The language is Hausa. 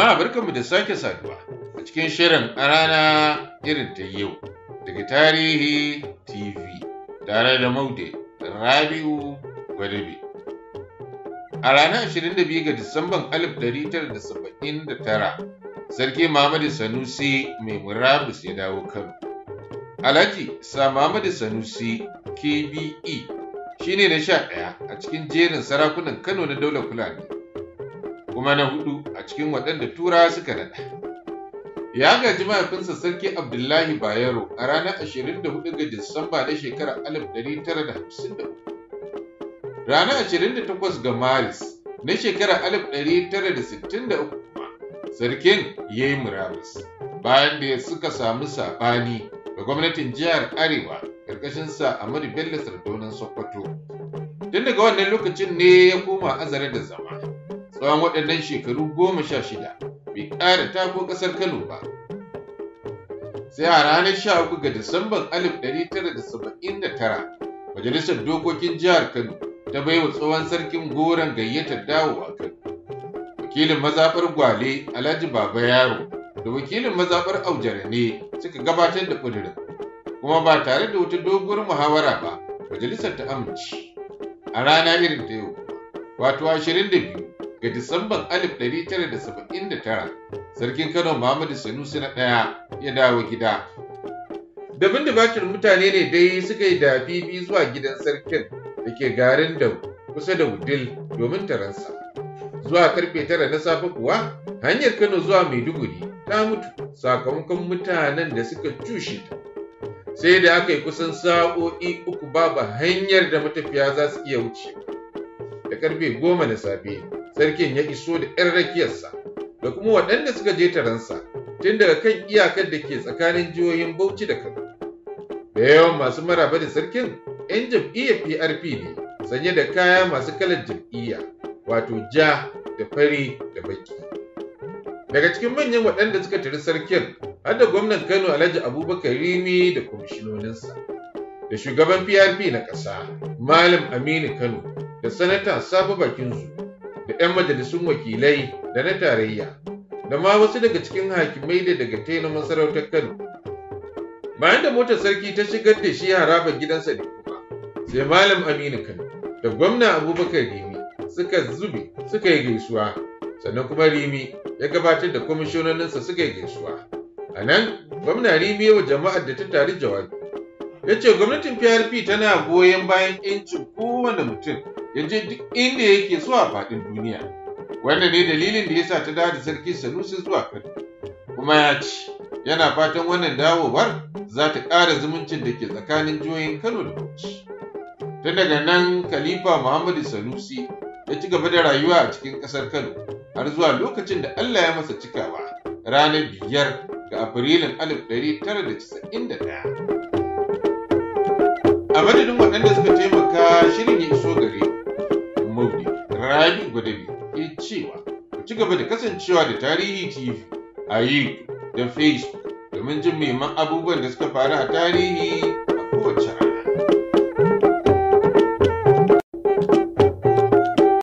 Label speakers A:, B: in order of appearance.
A: Jama'a barkanmu da sake saduwa a cikin shirin a rana irin ta yau daga Tarihi TV tare da Maude Rabi'u Gwadabe. A ranar 22 ga Disamban 1979, Sarki Muhammadu Sanusi mai murabus ya dawo Kano. Alhaji Sa Muhammadu Sanusi KBE shine na sha ɗaya a cikin jerin sarakunan Kano na daular Fulani. kuma na hudu a cikin waɗanda turawa suka naɗa. Ya gaji mahaifinsa Sarki Abdullahi Bayero a ranar 24 ga Disamba na shekarar 1953. Ranar 28 ga Maris na shekarar 1963 Sarkin ya yi murabus bayan da suka samu saɓani da gwamnatin jihar Arewa ƙarƙashinsa Ahmadu Bello Sardaunan Sokoto. Tun daga wannan lokacin ne ya koma azare da zama. tsawon waɗannan shekaru goma sha shida bai ƙara tako ƙasar Kano ba. Sai a ranar sha uku ga Disamban alif ɗari tara da saba'in da tara Majalisar Dokokin Jihar Kano ta baiwa tsohon sarkin goron gayyatar dawowa Kano. Wakilin mazaɓar Gwale Alhaji Baba Yaro da wakilin mazaɓar Aujara ne suka gabatar da ƙudurin kuma ba tare da wata doguwar muhawara ba majalisar ta amince a rana irin ta yau wato 22 ga Disamban 1979 sarkin Kano Muhammadu Sanusi na ɗaya ya dawo gida. Dabin bakin mutane ne dai suka yi da bibi zuwa gidan sarkin da ke garin da kusa da Wudil domin taransa. Zuwa karfe tara na safe kuwa hanyar Kano zuwa Maiduguri ta mutu sakamakon mutanen da suka tushe ta. Sai da aka yi kusan sa'o'i uku babu hanyar da matafiya za su iya wuce. Da karfe goma na safe sarkin ya iso da 'yan rakiyarsa da kuma waɗanda suka je taransa tun daga kan iyakar da ke tsakanin jihohin Bauchi da Kano. Da yawan masu maraba da sarkin 'yan jam'iyyar PRP ne sanye da kaya masu kalar jam'iyya wato ja da fari da baki. Daga cikin manyan waɗanda suka tari sarkin har da gwamnan Kano Alhaji Abubakar Rimi da kwamishinoninsa. Da shugaban PRP na ƙasa Malam Aminu Kano da sanata sabu Bakin su. da 'yan majalisun wakilai da na tarayya da ma wasu daga cikin hakimai da daga tena masarautar Kano. Bayan da motar sarki ta shigar da shi harabar gidansa da kuma sai Malam Aminu Kano da gwamna Abubakar Rimi suka zube suka yi gaisuwa sannan kuma Rimi ya gabatar da kwamishinaninsa suka yi gaisuwa. A nan gwamna Rimi yawa jama'ar da ta taru jawabi. Ya ce gwamnatin PRP tana goyon bayan 'yancin kowane mutum ya je duk inda yake zuwa faɗin duniya wanda ne dalilin da ya sa ta dawo da sarki sanusi zuwa kano kuma ya ci yana fatan wannan dawowar za ta ƙara zumuncin da ke tsakanin jihohin kano da bauchi tun daga nan khalifa muhammadu sanusi ya ci gaba da rayuwa a cikin ƙasar kano har zuwa lokacin da allah ya masa cikawa ranar biyar ga afrilun 1991 a madadin waɗanda suka taimaka shirin ya iso ga Rabi Gwadabi ke cewa ku ci gaba da kasancewa da Tarihi TV a YouTube da Facebook domin jin muhimman abubuwan da suka faru a tarihi a kowace